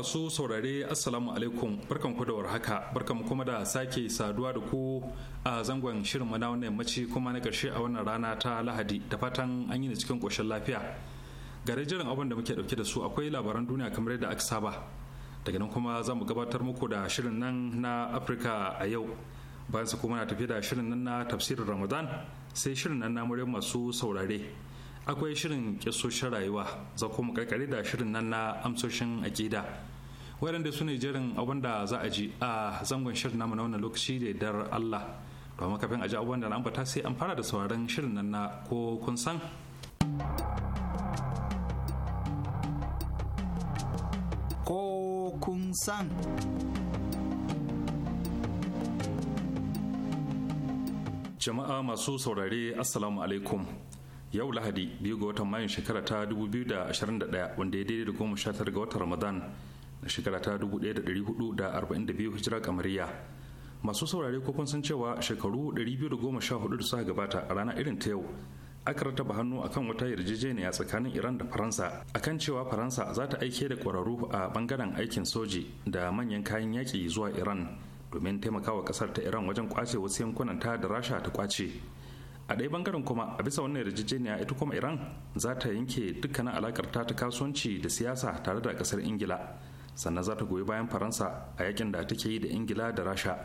masu saurare assalamu alaikum barkan ku da haka, barkan mu kuma da sake saduwa da ku a zangon shirin mu na wannan yammaci kuma na karshe a wannan rana ta lahadi da fatan an yi cikin koshin lafiya gare jiran abin da muke dauke da su akwai labaran duniya kamar yadda aka saba daga nan kuma za mu gabatar muku da shirin nan na afirka a yau bayan su kuma na tafi da shirin nan na tafsirin ramadan sai shirin nan na muryar masu saurare akwai shirin kisoshin rayuwa za kuma karkare da shirin nan na amsoshin akida da su ne jirin abin da za a ji a zangon shirin namu na wannan lokaci da dar Allah domin kafin a ji abin da na ambata sai an fara da sauraron shirin nan na ko kun san ko kun san jama'a masu saurare assalamu alaikum yau lahadi biyu ga watan mayun shekara ta 2021 wanda ya daidai da goma sha ga watan ramadan da shekara ta 1442 hijira kamariya masu saurare ko kun san cewa shekaru 214 da suka gabata a ranar irin ta yau aka rataba hannu akan wata yarjejeniya tsakanin iran da faransa akan cewa faransa za ta aike da kwararru a bangaren aikin soji da manyan kayan yaƙi zuwa iran domin taimakawa kasar ta iran wajen kwace wasu yankunan ta da rasha ta kwace a ɗaya bangaren kuma a bisa wannan yarjejeniya ita kuma iran za ta yanke dukkanin alakar ta ta kasuwanci da siyasa tare da ƙasar ingila sannan za ta goyi bayan faransa a yakin da take yi da ingila da rasha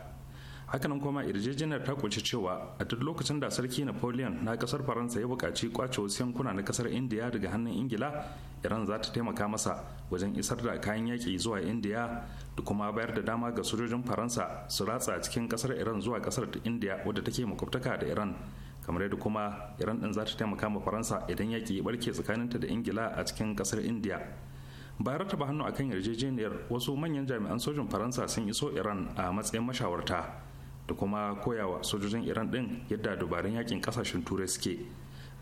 hakanan kuma irjejeniyar ta kunshi cewa a duk lokacin da sarki napoleon na kasar faransa ya buƙaci kwace wasu yankuna na kasar indiya daga hannun ingila iran za ta taimaka masa wajen isar da kayan yaƙi zuwa indiya da kuma bayar da dama ga sojojin faransa su ratsa cikin kasar iran zuwa kasar indiya wadda take makwabtaka da iran kamar yadda kuma iran din za ta taimaka ma faransa idan yaƙi ya barke tsakaninta da ingila a cikin kasar indiya bayar ta ba hannu akan yarjejeniyar wasu manyan jami'an sojin faransa sun iso iran a matsayin mashawarta da kuma koyawa sojojin iran din yadda dabarun yakin kasashen turai suke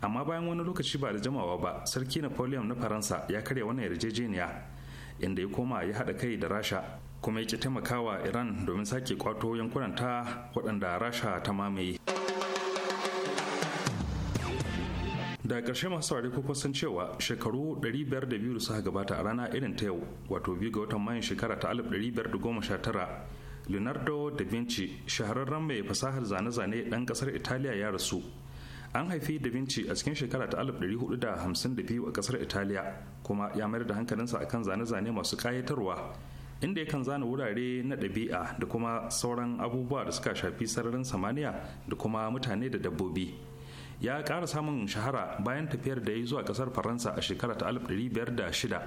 amma bayan wani lokaci ba da jamawa ba sarki napoleon na faransa ya karya wannan yarjejeniya inda ya koma ya haɗa kai da rasha kuma ya ki taimakawa iran domin sake kwato yankunan ta waɗanda rasha ta mamaye da ƙarshe masu saurari ko kusan cewa shekaru 502 da suka gabata a rana irin ta yau wato biyu ga watan mayan shekara ta 1519 leonardo da vinci shahararren mai fasahar zane-zane ɗan ƙasar italiya ya rasu an haifi da vinci a cikin shekara ta 1452 a ƙasar italiya kuma ya mayar da hankalinsa akan zane-zane masu ƙayatarwa inda ya kan zana wurare na ɗabi'a da kuma sauran abubuwa da suka shafi sararin samaniya da kuma mutane da dabbobi ya ƙara samun shahara bayan tafiyar da ya yi zuwa ƙasar faransa a shekara ta 1506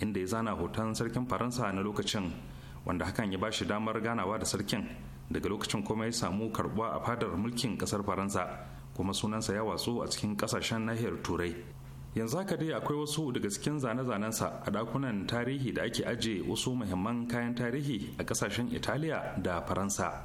inda ya zana hoton sarkin faransa na lokacin wanda hakan ya ba shi damar ganawa da sarkin daga lokacin kuma ya samu karbuwa a fadar mulkin ƙasar faransa kuma sunansa ya watsu a cikin ƙasashen nahiyar turai yanzu haka dai akwai wasu daga cikin zane-zanensa a dakunan tarihi da ake ajiye wasu muhimman kayan tarihi a ƙasashen italiya da faransa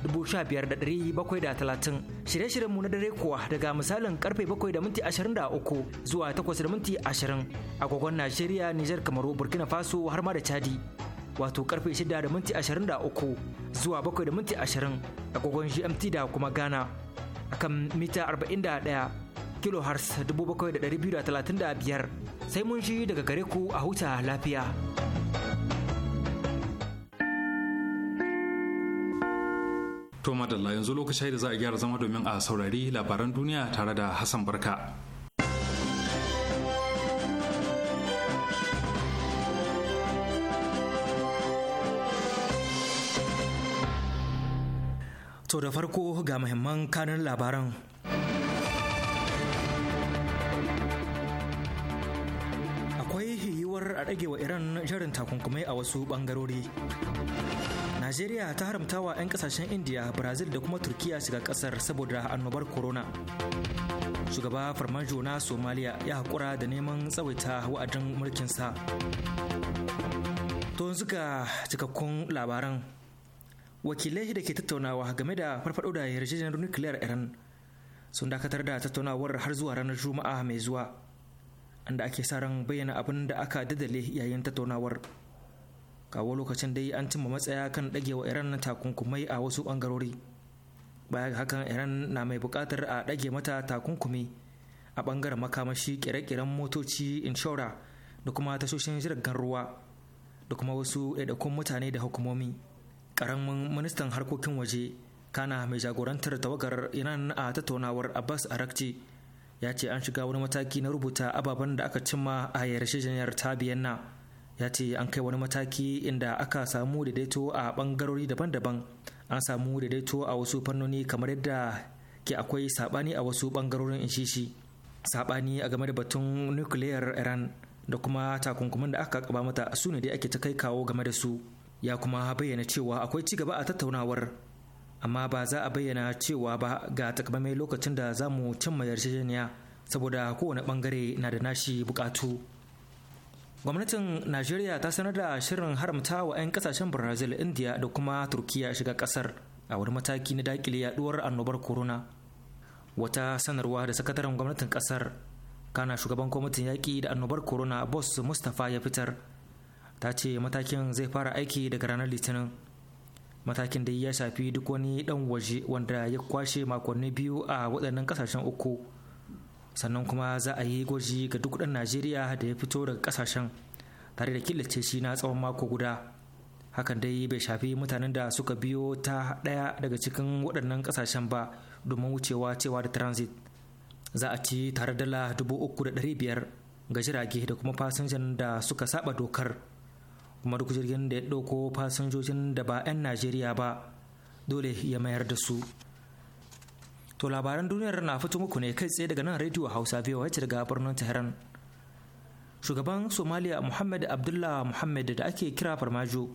15730. Shirye-shiryenmu na dare kuwa daga misalin karfe 7 da minti zuwa 8 da minti 20 Najeriya, Nijar, Kamaru, Burkina Faso har ma da Chadi. Wato karfe 6:23 da minti zuwa 7 da minti 20 GMT da kuma Ghana. Akan mita 41 kilohertz 7235 sai mun shi daga gare ku a huta lafiya. To madalla yanzu lokaci da za a gyara zama domin a saurari labaran duniya tare da Hassan Barka. To da farko ga muhimman kanin labaran. Akwai yiwuwar a ɗage wa Iran jarin takunkumai a wasu ɓangarori. Najeriya ta haramtawa 'yan kasashen India, Brazil da kuma Turkiya shiga kasar saboda annobar corona. Shugaba Farmajo na Somalia ya haƙura da neman tsawaita wa'adin mulkinsa. To yanzu ga cikakkun labaran. Wakilai da ke tattaunawa game da farfaɗo da yarjejeniyar nukiliyar Iran sun dakatar da tattaunawar har zuwa ranar Juma'a mai zuwa. Inda ake sa ran bayyana abin da aka dadale yayin tattaunawar. kawo lokacin dai an cimma matsaya kan ɗagewa iran takunkumai a wasu bangarori baya ga hakan iran na mai bukatar a ɗage mata takunkumi a bangaren makamashi kire-kiren motoci inshora da kuma tashoshin jiragen ruwa da kuma wasu ɗaiɗaikun mutane da hukumomi ƙaramin ministan harkokin waje kana mai jagorantar tawagar iran a tattaunawar abbas arakci ya ce an shiga wani mataki na rubuta ababen da aka cimma a yarjejeniyar ta biyanna ya ce an kai wani mataki inda aka samu daidaito a bangarori daban-daban an samu daidaito a wasu fannoni kamar yadda ke akwai sabani a wasu bangarorin inshishi sabani a game da batun nukiliyar iran da kuma takunkumin da aka kaba mata su ne dai ake ta kai kawo game da su ya kuma bayyana cewa akwai ci gaba a tattaunawar amma ba za a bayyana cewa ba ga takamaimai lokacin da za mu cimma yarjejeniya saboda kowane bangare na da nashi bukatu gwamnatin najeriya ta sanar da shirin haramta wa 'yan kasashen brazil india da kuma turkiya shiga kasar a wani mataki na dakile yaduwar annobar corona wata sanarwa da sakataren gwamnatin kasar kana shugaban kwamitin yaƙi da annobar corona boss mustapha ya fitar ta ce matakin zai fara aiki daga ranar litinin matakin da ya shafi duk wani dan waje wanda ya kwashe makonni biyu a waɗannan kasashen uku sannan kuma za a yi gwaji ga duk ɗan najeriya da ya fito daga ƙasashen tare da killace shi na tsawon mako guda hakan dai bai shafi mutanen da suka biyo ta ɗaya daga cikin waɗannan ƙasashen ba domin wucewa cewa da transit za a ci tare dala dubu uku da ɗari biyar ga jirage da kuma fasinjan da suka saba dokar kuma duk jirgin da ya ɗauko fasinjojin da ba 'yan najeriya ba dole ya mayar da su To labaran duniyar na fito muku ne kai tsaye daga nan rediyo Hausa wacce daga birnin Tehran. Shugaban Somaliya Muhammad Abdullah Muhammad da ake kira Farmajo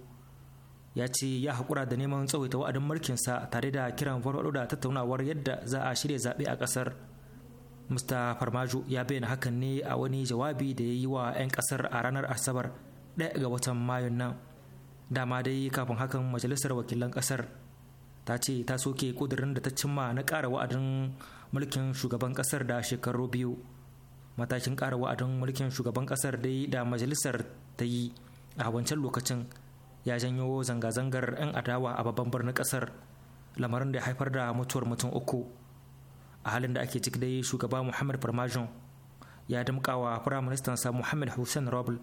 ya ce ya haƙura da neman tsawaita wa'adin mulkinsa tare da kiran farfaɗo da tattaunawar yadda za a shirya zaɓe a ƙasar. Mr. Farmajo ya bayyana hakan ne a wani jawabi da ya yi wa 'yan ƙasar a ranar Asabar ɗaya ga watan Mayun nan. Dama dai kafin hakan majalisar wakilan ƙasar ta ce ta soke kudurin da ta cimma na ƙara wa'adin mulkin shugaban ƙasar da shekaru biyu matakin ƙara wa'adin mulkin shugaban ƙasar dai da majalisar ta yi a wancan lokacin ya janyo zanga-zangar 'yan adawa a babban birnin ƙasar lamarin da ya haifar da mutuwar mutum uku a halin da ake ciki dai shugaba muhammad farmajon ya damƙawa firaministansa muhammad hussein robel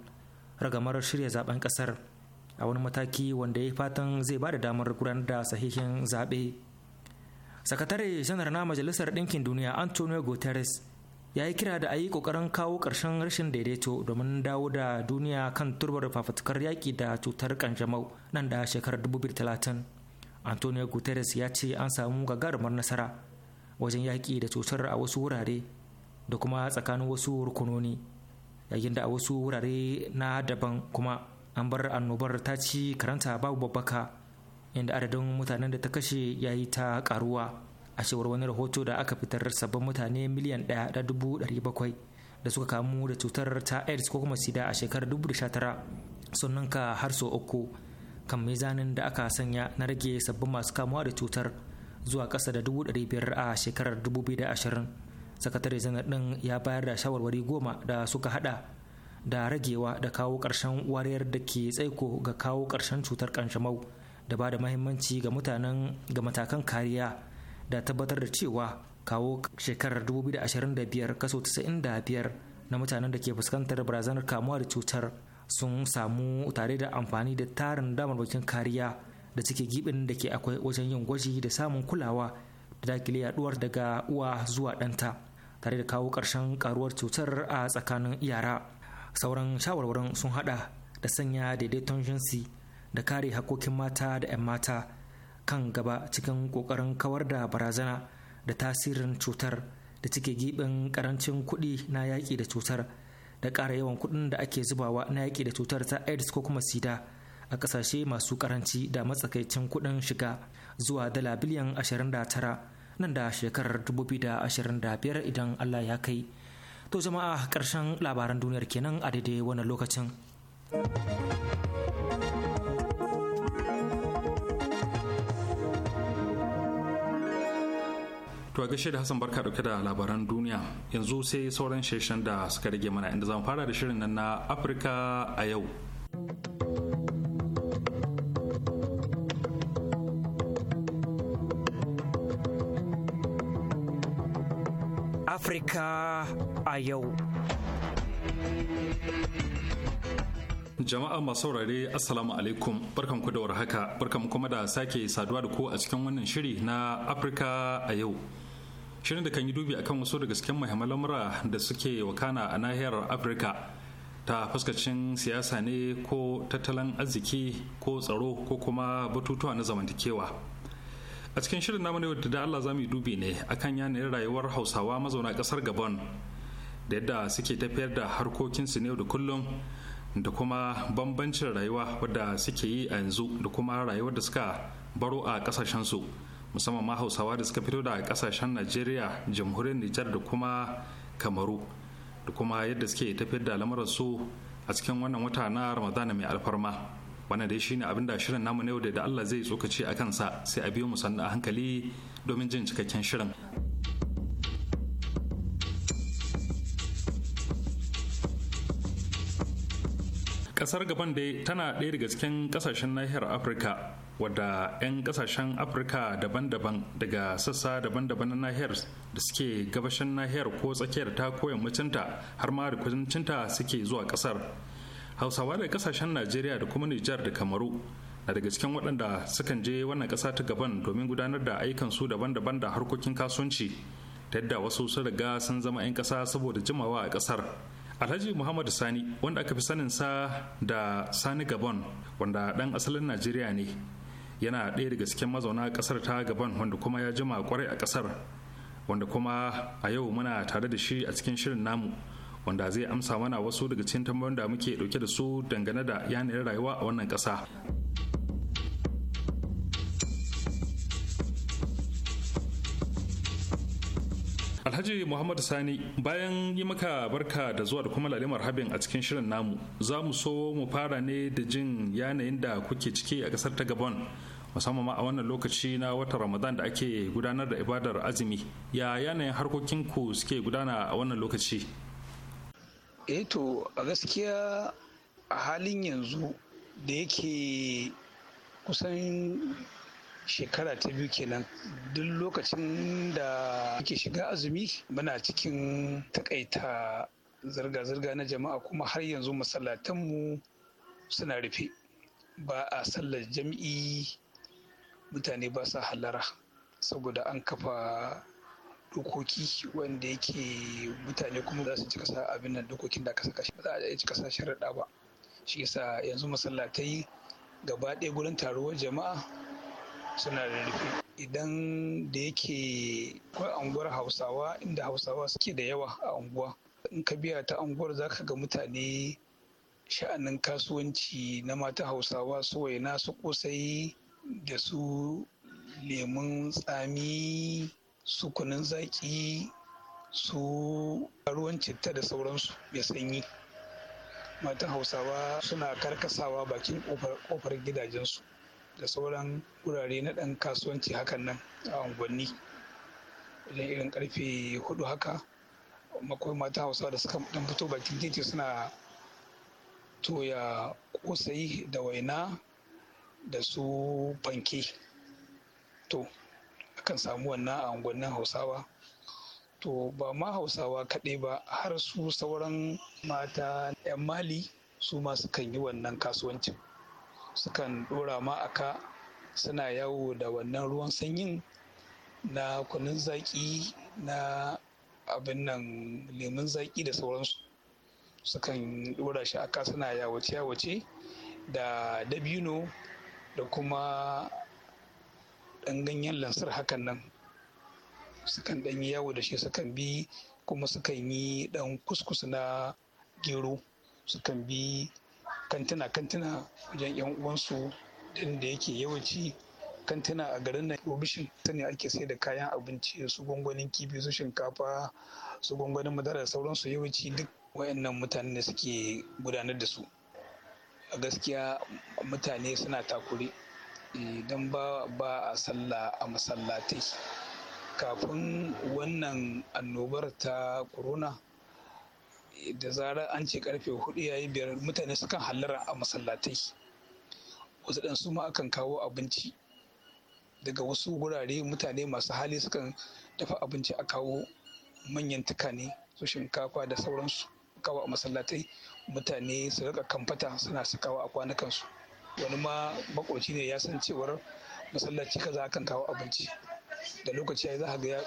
ragamar shirya zaben ƙasar a wani mataki wanda ya fatan zai ba da damar gudanar da sahihin zaɓe sakatare janar na majalisar ɗinkin duniya antonio guterres ya yi kira da a yi ƙoƙarin kawo ƙarshen rashin daidaito domin dawo da duniya kan turbar fafatukar yaƙi da cutar kanjamau nan da shekarar 2030 antonio guterres ya ce an samu gagarumar nasara wajen yaƙi da cutar a wasu wurare da kuma tsakanin wasu rukunoni yayin da a wasu wurare na daban kuma an bar annobar ta ci karanta babu babbaka inda adadin mutanen da ta kashe ya yi ta karuwa a cewar wani rahoto da aka fitar sabbin mutane miliyan ɗaya da dubu ɗari bakwai da suka kamu da cutar ta aids ko kuma sida a shekarar tara sun ninka har sau uku kan mizanin da aka sanya na rage sabbin masu kamuwa da cutar zuwa ƙasa da 500 a shekarar 2020 sakatare zanga ɗin ya bayar da shawarwari goma da suka haɗa da ragewa da kawo ƙarshen wariyar da ke tsaiko ga kawo ƙarshen cutar kanjamau da ba da mahimmanci ga mutanen ga matakan kariya da tabbatar da cewa kawo shekarar 2025 kaso 95 na mutanen da ke fuskantar barazanar kamuwa da cutar sun samu tare da amfani da tarin damar damarmakin kariya da cike gibin da ke akwai wajen yin gwaji da samun kulawa da dakile yaduwar daga uwa zuwa ɗanta tare da kawo ƙarshen karuwar cutar a tsakanin yara sauran shawarwarin sun hada da sanya daidaiton jinsi da kare hakokin mata da 'yan mata kan gaba cikin kokarin kawar da barazana da tasirin cutar da cike gibin karancin kuɗi na yaki da cutar da ƙara yawan kuɗin da ake zubawa na yaki da cutar ta aids ko kuma sida a ƙasashe masu karanci da matsakaicin kuɗin shiga zuwa dala biliyan 29 nan da shekarar 2025 idan allah ya kai to jama'a ƙarshen labaran duniyar kenan a daidai wannan lokacin To a gaishe da Hassan Barka dauke da labaran duniya yanzu sai sauran sheshen da suka rage mana inda zamu fara da shirin nan na Afirka a yau. Afirka a yau. Jama'a masu saurare Assalamu alaikum barkan ku da warhaka barkan kuma da sake saduwa da ku a cikin wannan shiri na Afirka a yau. Shirin da kan yi dubi akan wasu daga cikin muhimman lamura da suke wakana a nahiyar Afirka ta fuskacin siyasa ne ko tattalin arziki ko tsaro ko kuma batutuwa na zamantakewa. A cikin shirin namu ne da Allah za mu yi dubi ne akan yanayin rayuwar Hausawa mazauna ƙasar Gabon da yadda suke tafiyar da harkokinsu ne da kullum da kuma bambancin rayuwa wadda suke yi a yanzu da kuma rayuwar da suka baro a kasashensu musamman ma hausawa da suka fito da kasashen najeriya jamhuriyar nijar da kuma kamaru da kuma yadda suke tafiyar da lamararsu a cikin wannan wata na ramadana mai alfarma wannan dai shine abin da shirin namu na da Allah zai tsokaci a kansa sai a biyo mu sannu a hankali domin jin cikakken shirin. kasar gaban dai tana ɗaya daga cikin kasashen nahiyar afirka wadda 'yan kasashen afirka daban-daban daga sassa daban-daban na nahiyar da suke gabashin nahiyar ko tsakiyar ta ko yammacinta har ma da kudancinta suke zuwa kasar hausawa da kasashen najeriya da kuma nijar da kamaru na daga cikin waɗanda sukan je wannan ƙasa ta gaban domin gudanar da ayyukan daban-daban da harkokin kasuwanci ta yadda wasu sun riga sun zama 'yan ƙasa saboda jimawa a ƙasar alhaji muhammadu sani wanda aka fi saninsa da sani gabon wanda ɗan asalin najeriya ne yana ɗaya daga cikin mazauna ƙasar ta gabon wanda kuma ya jima kwarai a ƙasar wanda kuma a yau muna tare da shi a cikin shirin namu wanda zai amsa mana wasu daga cikin tambayoyin da muke ɗauke da su dangane da yanayin rayuwa a wannan ƙasa. Alhaji Muhammad Sani bayan yi maka barka da zuwa da kuma lalimar habin a cikin shirin namu za mu so mu fara ne da jin yanayin da kuke ciki a kasar ta Gabon musamman a wannan lokaci na watan Ramadan da ake gudanar da ibadar azumi ya yanayin harkokin ku suke gudana a wannan lokaci eh to a gaskiya a halin yanzu da yake kusan shekara ta biyu kenan duk lokacin da ake shiga azumi muna cikin takaita zirga-zirga na jama'a kuma har yanzu masallatanmu suna rufe ba a sallar jam'i mutane ba sa halara saboda an kafa dokoki wanda yake mutane kuma za su ci kasa abin nan dokokin da aka saka shi ba za a ci kasa sharaɗa ba shi yasa yanzu masallatai gaba ɗaya gurin taruwar jama'a suna da rufi idan da yake akwai anguwar hausawa inda hausawa suke da yawa a anguwa in ka biya ta anguwar za ka ga mutane sha'anin kasuwanci na mata hausawa su waina su kosai da su lemun tsami su kunun zaki su ruwan citta da sauransu mai sanyi mata hausawa suna karkasawa bakin kofar gidajensu da sauran wurare na ɗan kasuwanci hakan nan a unguwanni wajen irin karfe hudu haka makwai mata hausawa da suka dan fito bakin titi suna toya kosai da waina da su fanke to akan samu wannan a unguwannin hausawa to ba ma hausawa kaɗai ba har su sauran mata 'yan mali su ma sukan yi wannan kasuwancin sukan ɗora ma aka suna yawo da wannan ruwan sanyin na kunun zaƙi na abin nan lemun zaƙi da sauransu sukan ɗora shi aka suna yawace-yawace da dabino da kuma ɗan ganyen lansar hakan nan sukan ɗan yi yawo da shi sukan bi kuma sukan yi ɗan kuskus na gero sukan bi kantina-kantina wajen 'yan uwansu din da yake yawanci kantina a garin nan obishin ta ne ake sai da kayan abinci su gwangwanin kifi su shinkafa su gwangwanin madara da sauransu yawanci duk wayannan mutane da suke gudanar da su a gaskiya mutane suna takure idan eh, ba a sallah a masallatai kafin wannan annobar ta corona eh, da zarar an ce karfe hudu yayi biyar mutane sukan hallara a masallatai wasu ɗan su akan kawo abinci daga wasu wurare mutane masu hali sukan dafa abinci a kawo manyan tukane su shinkafa da sauransu kawo a masallatai mutane su rika kamfata suna su kawo a kwanakansu. wani ma makoci ne ya san cewar masallaci kaza akan kawo abinci da lokaci ya za ga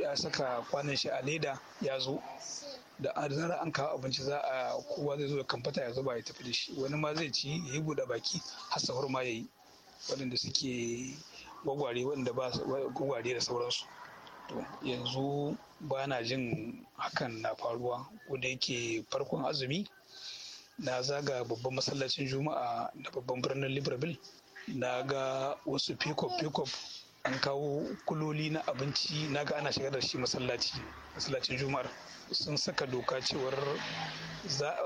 ya saka kwanan shi a leda ya zo da zara an kawo abinci za a kowa zai zo da kamfata ya zuba ya tafi da shi wani ma zai ci ya yi buɗe baki har sahur ma ya yi waɗanda suke gwagware waɗanda ba gwagware da sauransu to yanzu ba na jin hakan na faruwa ko da yake farkon azumi na zaga babban masallacin juma'a da babban birnin libreville na ga wasu pickup pickup an kawo kuloli na abinci na ga ana shigar da shi masallaci masallacin juma'ar sun saka doka cewar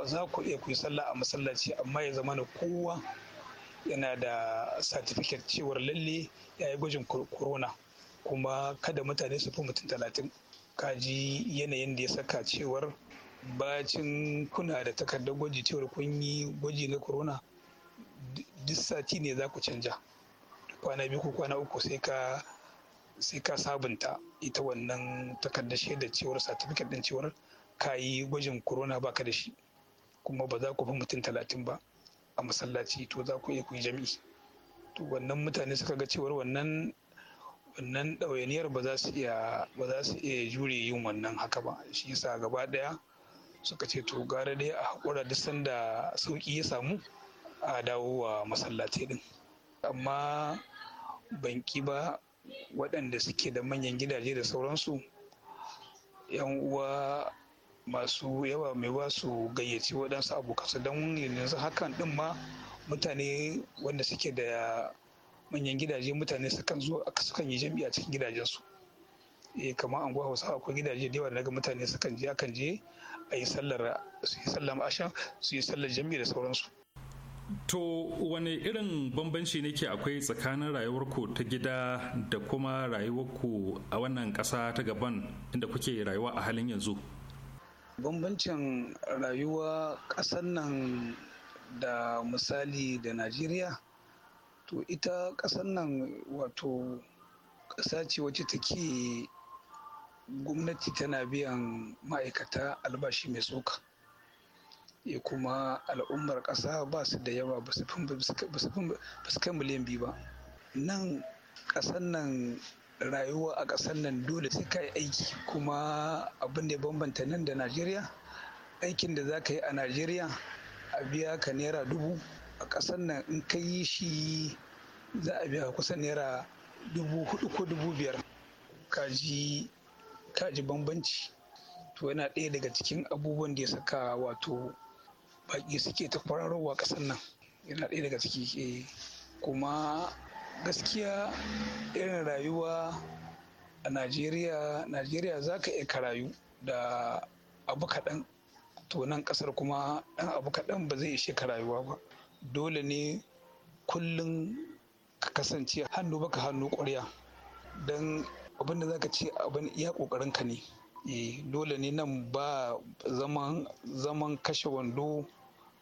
za ku iya ku yi sallah a masallaci amma ya zama na kowa yana da satifiket cewar lalle ya yi gwajin corona kuma kada mutane su fi mutum talatin kaji yanayin da ya saka cewar bacin kuna da takardar gwaji cewar kun yi gwaji na corona duk sati ne za ku canja kwana biyu ko kwana uku sai ka sai ka sabunta ita wannan takardar shaidar cewar certificate din cewar ka yi gwajin corona baka da shi kuma ba za ku fi mutum talatin ba a masallaci to za ku iya ku jami'i to wannan mutane suka ga cewar wannan wannan ɗawainiyar ba za su iya ba za su iya jure yin wannan haka ba shi yasa gaba ɗaya suka ce to gara dai a haƙura duk sanda sauƙi ya samu a dawo wa masallaci din amma banki ba waɗanda suke da manyan gidaje da sauransu yan uwa masu yawa mai ba su gayyaci waɗansu abokansu don yanzu hakan ɗin ma mutane wanda suke da manyan gidaje mutane sukan zo sukan yi jam'i a cikin gidajensu eh kamar gwa hausa akwai gidaje da yawa daga mutane sukan je akan je a yi sallar su yi sallar asha su yi sallar jam'i da sauransu To wani irin bambanci ne ke akwai tsakanin rayuwarku ta gida da kuma rayuwarku a wannan ƙasa ta gaban inda kuke rayuwa a halin yanzu? Bambancin rayuwa ƙasar nan da misali da Najeriya? To ita ƙasar nan wato ƙasa ce wacce take gwamnati tana biyan ma'aikata albashi mai tsoka. ya kuma al'ummar ƙasa ba su da yawa ba su kai miliyan biyu ba nan ƙasar nan rayuwa a ƙasar nan dole sai ka yi aiki kuma abin da ya bambanta nan da najeriya aikin da za ka yi a najeriya a biya ka naira dubu a ƙasar nan in ka yi shi za a biya kusa naira dubu hudu ko dubu biyar Ka kaji bambanci to yana ɗaya daga cikin abubuwan da ya saka wato baƙi suke ta kwararowa ƙasar nan yana ɗaya daga ciki eh, kuma gaskiya irin rayuwa a najeriya najeriya za ka iya rayu da abu kaɗan to nan ƙasar kuma ɗan abu kaɗan ba zai ishe ka rayuwa ba dole ne kullum ka kasance hannu baka hannu ƙwarya don abin da za ka ce abin iya ƙoƙarinka ne eh, dole ne nan ba zaman kashe wando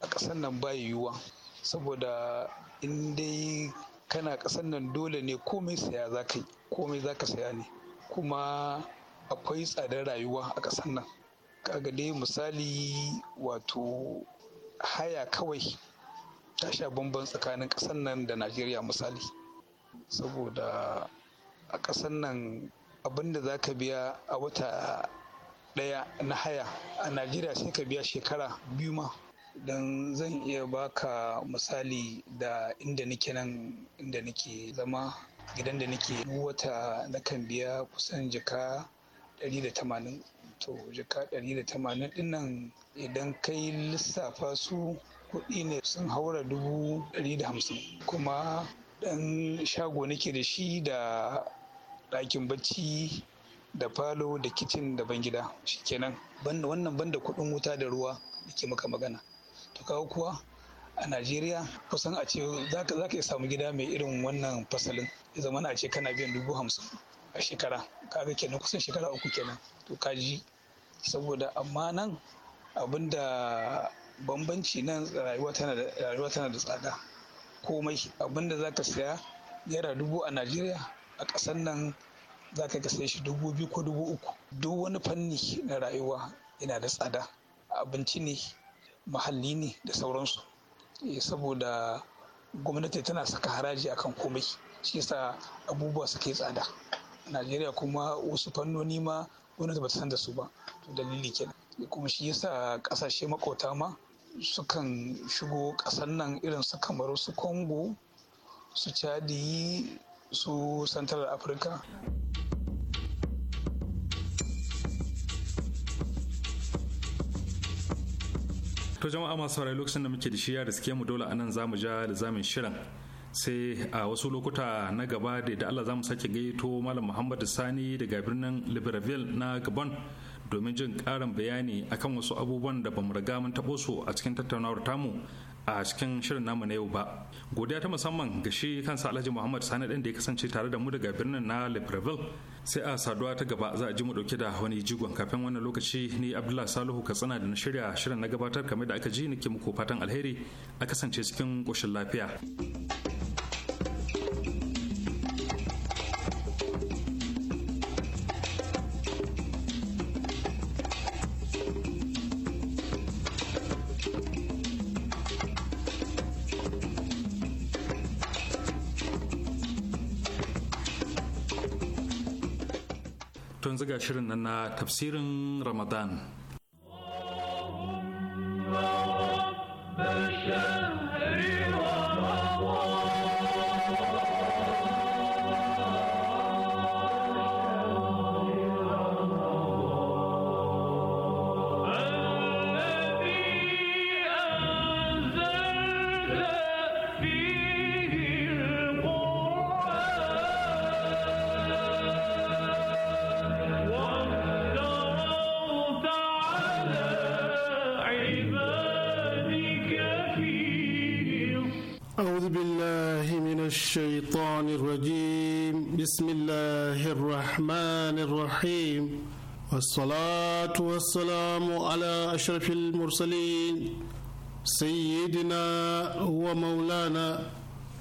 a ƙasar nan ba yiwuwa saboda in dai kana ƙasar nan dole ne komai saya za ka yi komai za ka saya ne kuma akwai tsadar rayuwa a ƙasar nan kaga dai misali wato haya kawai ta sha bamban tsakanin ƙasar nan da najeriya misali saboda a ƙasar nan abinda za ka biya a wata ɗaya na haya a najeriya sai ka biya shekara biyu ma don zan iya baka misali da inda nake nan inda nake zama gidan da nake wata nakan biya kusan jika 180 to jika 180 dinnan idan kai lissafa su kuɗi ne sun haura dubu da hamsin kuma ɗan shago nake da shi da ɗakin bacci da falo da kicin da bangida shikenan wannan banda kuɗin wuta da ruwa da ke maka magana to kawo kuwa a najeriya kusan a ce za ka iya samu gida mai irin wannan fasalin ya zama a ce kana biyan dubu hamsin a shekara kaga kenan kusan shekara uku kenan to ka ji saboda amma nan abin da bambanci nan rayuwa tana da tsada komai abin da za ka saya naira dubu a najeriya a kasan nan za ka sai shi dubu biyu ko dubu uku duk wani fanni na rayuwa yana da tsada abinci ne mahalli ne da sauransu eh, saboda gwamnati tana saka haraji akan komai shi yasa abubuwa suke tsada najeriya kuma wasu fannoni ma gwamnati ba ta san da su ba to dalili kenan eh, kuma shi yasa kasashe makota ma sukan shigo ƙasar nan irin su kamar su congo su chadi su central africa to jama'a masu saurari lokacin da muke da shi ya riske mu dole anan zamu ja da zamin shirin sai a wasu lokuta na gaba da da Allah zamu sake gaito malam Muhammadu Sani daga birnin Libreville na Gabon domin jin karin bayani akan wasu abubuwan da bamu riga mun tabo su a cikin tattaunawar tamu a cikin shirin namu na yau ba godiya ta musamman ga shi kansa Alhaji Muhammad Sani din da ya kasance tare da mu daga birnin na Libreville sai a saduwa ta gaba za a ji mu dauke da wani jigon kafin wannan lokaci ni abdullah salihu katsina da na shirya shirin na gabatar kamar da aka ji nake muku fatan alheri a kasance cikin koshin lafiya. shirin nan na tafsirin Ramadan أشرف المرسلين سيدنا ومولانا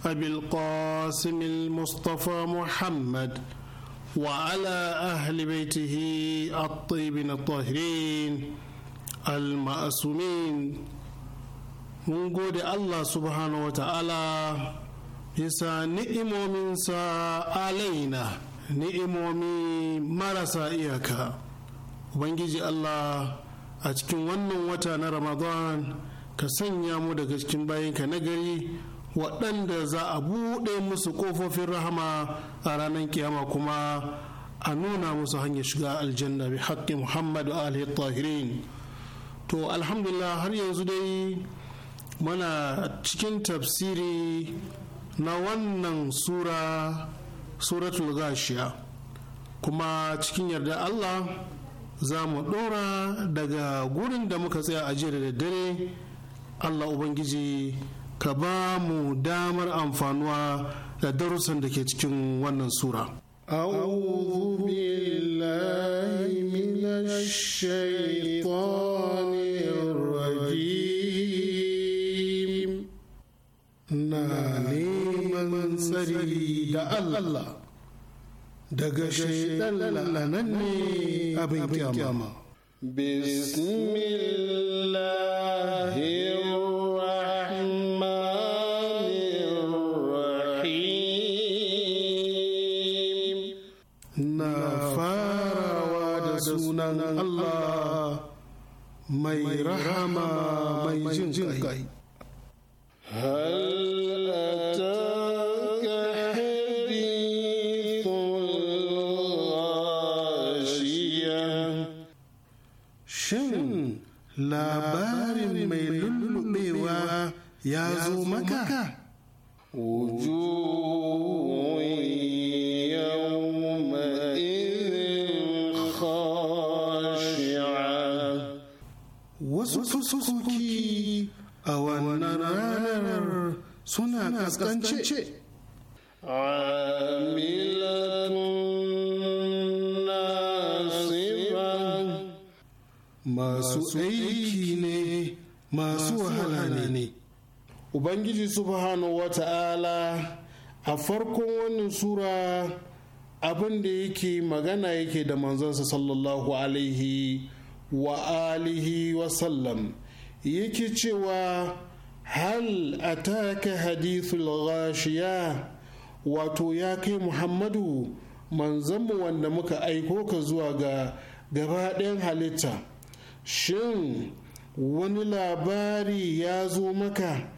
أبي القاسم المصطفى محمد وعلى أهل بيته الطيبين الطاهرين المأسومين mun gode Allah subhanahu wa ta'ala bisa ni'imominsa alaina ni'imomi marasa iyaka ubangiji Allah a cikin wannan wata na ramadan ka sanya mu daga cikin bayanka na gari waɗanda za a buɗe musu ƙofofin rahama a ranar kiyama kuma a nuna musu hanyar shiga aljanna bi haƙƙi muhammad alihi tahirin to alhamdulillah har yanzu dai mana cikin tafsiri na wannan sura suratul gashiya kuma cikin yarda allah za mu ɗora daga gurin da muka tsaya a jiya da dare allah ubangiji ka ba mu damar amfanuwa da darussan da ke cikin wannan sura أعوذ بالله من الشيطان الرجيم na neman tsari da Allah daga shaidan lalanan ne abin kyama. Na farawa da sunan Allah mai rahama mai jin kai. suna kaskance masu aiki ne masu wahala ne ubangiji subhanahu wa ta'ala a farkon wannan sura abin da yake magana yake da manzansa sallallahu alaihi wa alihi wa sallam yake cewa hal ataka hadithul la'gashiya wato ya kai muhammadu manzanmu wanda muka aiko ka zuwa ga gabaɗayan halitta shin wani labari ya zo maka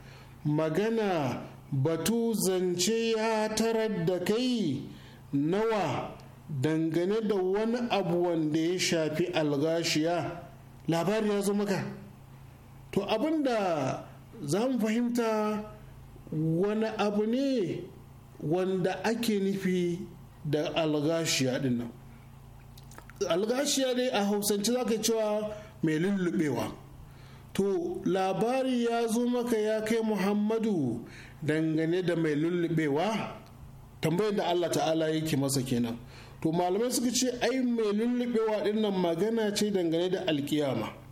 magana batu zance ya tarar da kai nawa dangane da wani abu wanda ya shafi algashiya labari ya zo maka to abinda za mu fahimta wani abu ne wanda ake nufi da algashiya din nan algashiya ne a hausance za ka cewa mai lullubewa to labari ya zo maka ya kai muhammadu dangane da mai lullubewa tambayar da allah ta'ala yake masa kenan to malamai suka ce ai mai lullubewa dinnan magana ce dangane da alkiyama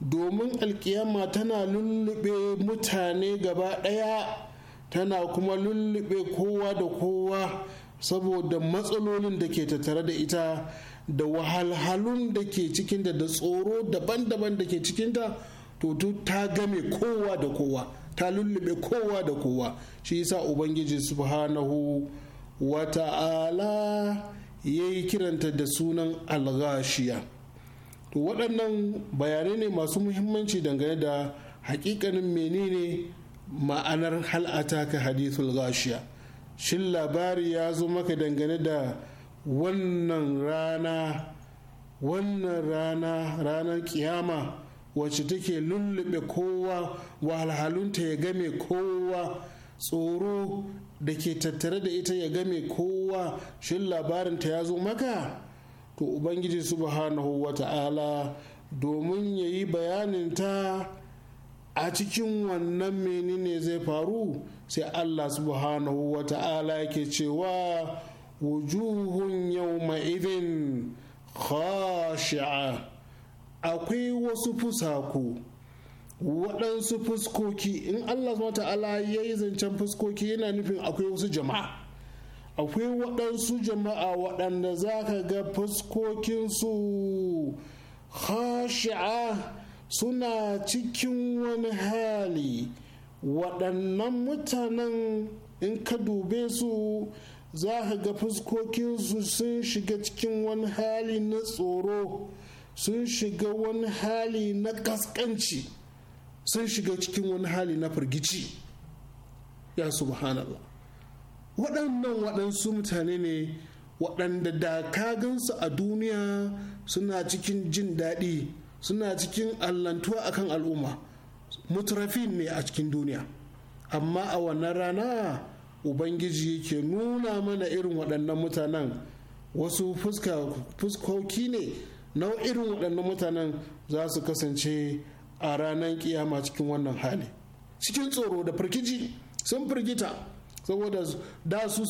domin alkiyama tana lullube mutane gaba ɗaya tana kuma lullube kowa da kowa saboda matsalolin da ke tattare da ita da wahalhalun da ke cikinta da tsoro daban-daban da ke cikinta to ta game kowa da kowa ta lullube kowa da kowa shi yasa ubangiji subhanahu wa ta'ala ya yi kiranta da sunan alghashiya to waɗannan bayanai ne masu muhimmanci dangane da hakikanin menene ma'anar hal'ata ka hadithul gashiya shin labari ya zo maka dangane da wannan rana wannan rana ranar kiyama wacce take lullube kowa wahalhalunta ya game kowa tsoro da ke tattare da ita ya game kowa shin labarinta ya zo maka to ubangiji subhanahu wa ta'ala domin ya yi ta a cikin wannan menene zai faru sai allah subhanahu wa ta'ala yake cewa wujuhun yawma idin khashi'a akwai wasu fusaku waɗansu fuskoki in allah subhanahu wa ya yi zancen fuskoki yana nufin akwai wasu jama'a akwai waɗansu jama'a waɗanda za ka ga fuskokinsu hashi'a suna cikin wani hali waɗannan mutanen in ka dube su za ka ga fuskokinsu sun shiga cikin wani hali na tsoro sun shiga wani hali na kaskanci sun shiga cikin wani hali na firgici ya subhanallah waɗannan waɗansu mutane ne waɗanda da ka gansu a duniya suna cikin jin daɗi suna cikin allantuwa akan al'umma mutrafin ne a cikin duniya amma a wannan rana ubangiji yake nuna mana irin waɗannan mutanen wasu fuskoki ne na irin waɗannan mutanen za su kasance a ranar kiyama cikin wannan hali cikin tsoro da firgici sun firgita saboda da su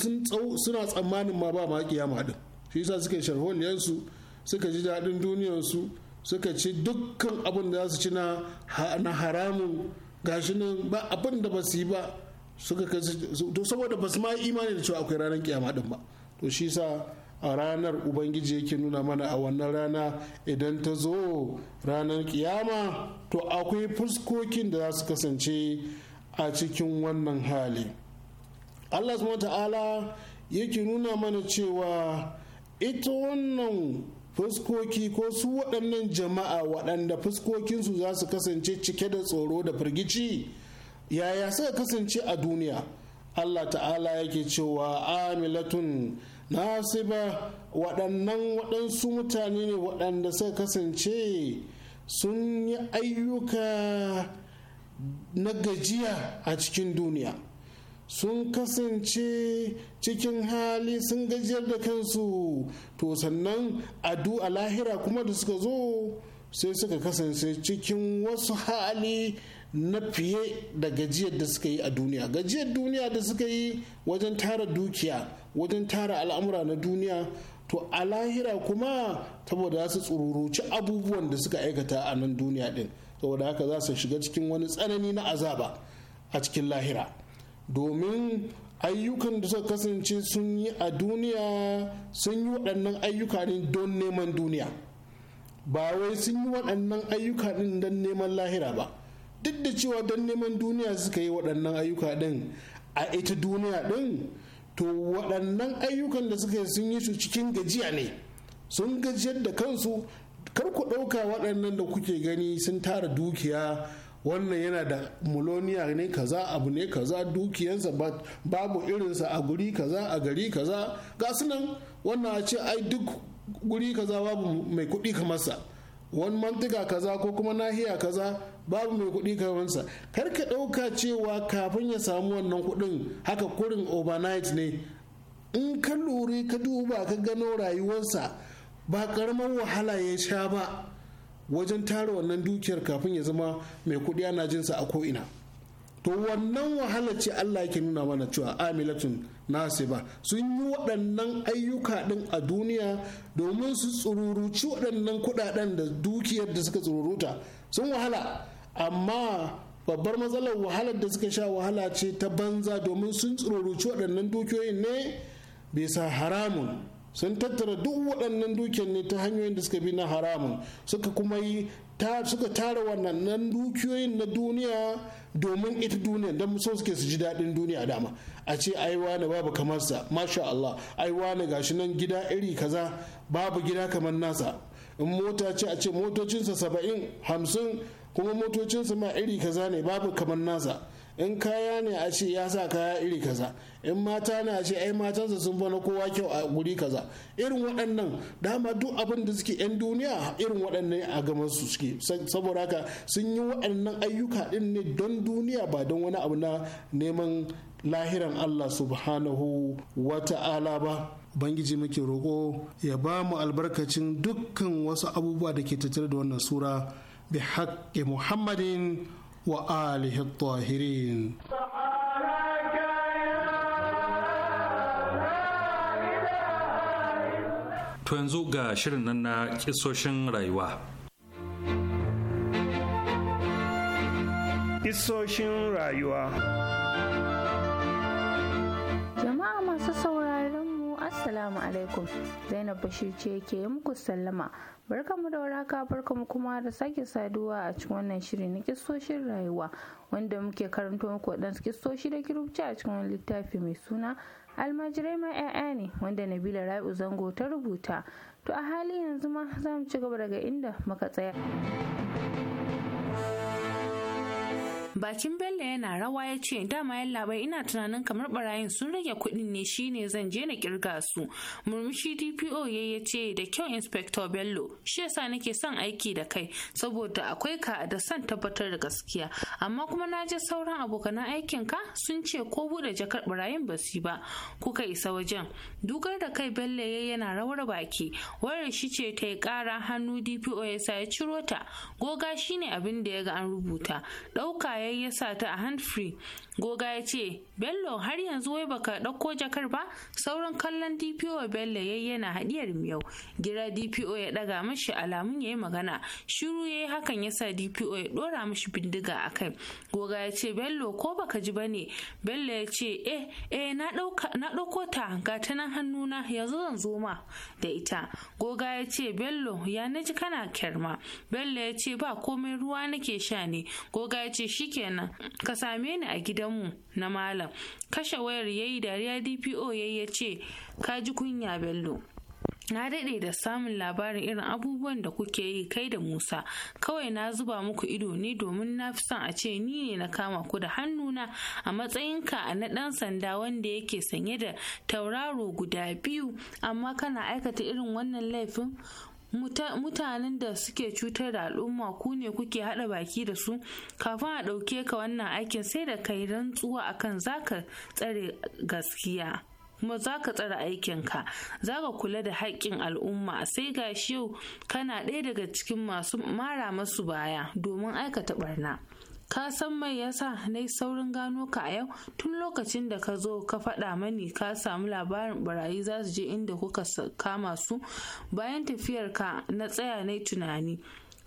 suna tsammanin ma ba ma kiyama din shi yasa suka sharholiyar su suka ji daɗin duniyar su suka ci dukkan abin da za su ci na haramun gashi nan ba abin da ba su yi ba suka to saboda ba su ma imani da cewa akwai ranar kiyama din ba to shi yasa a ranar ubangiji yake nuna mana a wannan rana idan ta zo ranar kiyama to akwai fuskokin da za su kasance a cikin wannan hali. allah ta'ala yake nuna mana cewa ita wannan fuskoki ko su waɗannan jama'a waɗanda fuskokinsu za su kasance cike da tsoro da firgici yaya suka kasance a duniya allah ta'ala yake cewa amilatun nasiba waɗannan waɗansu mutane ne waɗanda suka kasance sun yi ayyuka na gajiya a cikin duniya sun kasance cikin hali sun gajiyar da kansu to sannan adu a lahira kuma da suka zo sai suka kasance cikin wasu hali na fiye da gajiyar da suka yi a duniya gajiyar duniya da suka yi wajen tara dukiya wajen tara al'amura na duniya to a lahira kuma saboda su tsururuci abubuwan da suka aikata a nan duniya din saboda haka za su shiga cikin wani tsanani na azaba a cikin lahira domin ayyukan da suka kasance sun yi a duniya sun yi waɗannan ayyuka ne don neman duniya ba wai sun yi waɗannan ayyuka ɗin don neman lahira ba duk da cewa don neman duniya suka yi waɗannan ayyuka ɗin a ita duniya ɗin to waɗannan ayyukan da suka yi sun yi su cikin gajiya ne sun gajiyar da kansu kar ku ɗauka waɗannan da kuke gani sun tara dukiya wannan yana da muloniya ne kaza abu ne kaza dukiyansa babu irinsa a guri kaza a gari kaza ga nan wannan a ce ai duk guri kaza babu mai kuɗi kamar sa wani mantika kaza ko kuma nahiya kaza babu mai kuɗi kamansa kar ka ɗauka cewa kafin ya samu wannan kuɗin haka kurin overnight ne in ka lura ka duba ka gano rayuwarsa ba karamar wahala ya sha ba wajen tara wannan dukiyar kafin ya zama mai kuɗi ana jinsa a ko'ina to wannan wahala ce Allah yake nuna mana cewa amilatun ba sun yi waɗannan ayyuka ɗin a duniya domin su tsururuci waɗannan kuɗaɗen da dukiyar da suka tsururuta sun wahala amma babbar matsalar wahalar da suka sha wahala ce ta banza domin sun tsururuci waɗannan dukiyoyin ne bisa haramun sun tattara duk waɗannan dukiyar ne ta hanyoyin da suka bi na haramun suka kuma yi suka tara wannan dukiyoyin na duniya domin ita duniya don so suke su ji daɗin duniya dama a ce ai wani babu kamar sa masha Allah ai wani gashi nan gida iri kaza babu gida kamar nasa in mota ce a ce motocinsa saba'in hamsin kuma motocinsa ma iri kaza ne babu kamar nasa in kaya ne a ce ya sa kaya iri kaza in mata ne a ce ai matansa sun fa na kowa kyau a guri kaza irin waɗannan dama duk abin da suke 'yan duniya irin waɗannan a gaban su suke saboda haka sun yi waɗannan ayyuka din ne don duniya ba don wani abu na neman lahiran Allah subhanahu wa ta'ala ba Bangiji muke roƙo ya ba mu albarkacin dukkan wasu abubuwa da ke tattare da wannan sura bi haƙƙi Muhammadin وآله الطاهرين To yanzu ga shirin nan na kisoshin rayuwa. Kisoshin rayuwa. Jama'a masu Assalamu alaikum Zainab Bashir ce ke muku sallama mu da waraka barkamu kuma da sake saduwa a cikin wannan shiri na kistoshin rayuwa wanda muke karanto muku waɗansu kistoshi da kirubci a cikin wani littafi mai suna almajirai ma 'ya'ya ne wanda nabila Rabi zango ta rubuta to a hali yanzu ma za mu ci gaba daga inda muka tsaya bakin bello yana rawa ya ce dama labai ina tunanin kamar barayin sun rage kuɗin ne shine zan je na kirga su murmushi dpo ya ya ce da kyau inspector bello shi yasa nake son aiki da kai saboda akwai ka da son tabbatar da gaskiya amma kuma na je sauran abokanan aikin ka sun ce ko bude jakar barayin ba su ba kuka isa wajen dukar da kai bello ya yana rawar baki wayar shi ce ta yi kara hannu dpo ya sa ya ciro ta goga shine abin da ya ga an rubuta ɗauka ya ya sa ta a hand goga ya ce bello har yanzu wai baka ɗauko jakar ba sauran kallon dpo bello yayi yana hadiyar miyau gira dpo ya ɗaga mashi alamun yayi magana shiru yayi hakan yasa dpo ya ɗora mashi bindiga a kai goga ya ce bello ko baka ji bane bello ya ce eh eh na ɗauko ta ga ta nan hannuna yanzu zan zo ma da ita goga ya ce bello ya naji kana kyarma bello ya ce ba komai ruwa nake sha ne goga ya ce shikenan ka same ni a gidanmu na malam kashe wayar yayi dariya dpo yayi ya ce ka ji kunya bello na daɗe da samun labarin irin abubuwan da kuke yi kai da musa kawai na zuba muku ido ne domin na fi son a ce ni ne na kama ku da hannuna a matsayinka a na ɗan sanda wanda yake sanye da tauraro guda biyu amma kana aikata irin wannan laifin mutanen da suke cutar da al'umma ku ne kuke haɗa baki da su kafin a ɗauke ka wannan aikin sai da kai rantsuwa akan zaka tsare gaskiya kuma za ka tsara aikinka za ka kula da haƙƙin al'umma sai ga yau kana ɗaya daga cikin masu mara masu baya domin aikata barna ka san mai yasa na saurin gano ka a yau tun lokacin da ka zo ka faɗa mani ka samu labarin barayi za su je inda kuka kama su bayan tafiyar ka na tsaya na tunani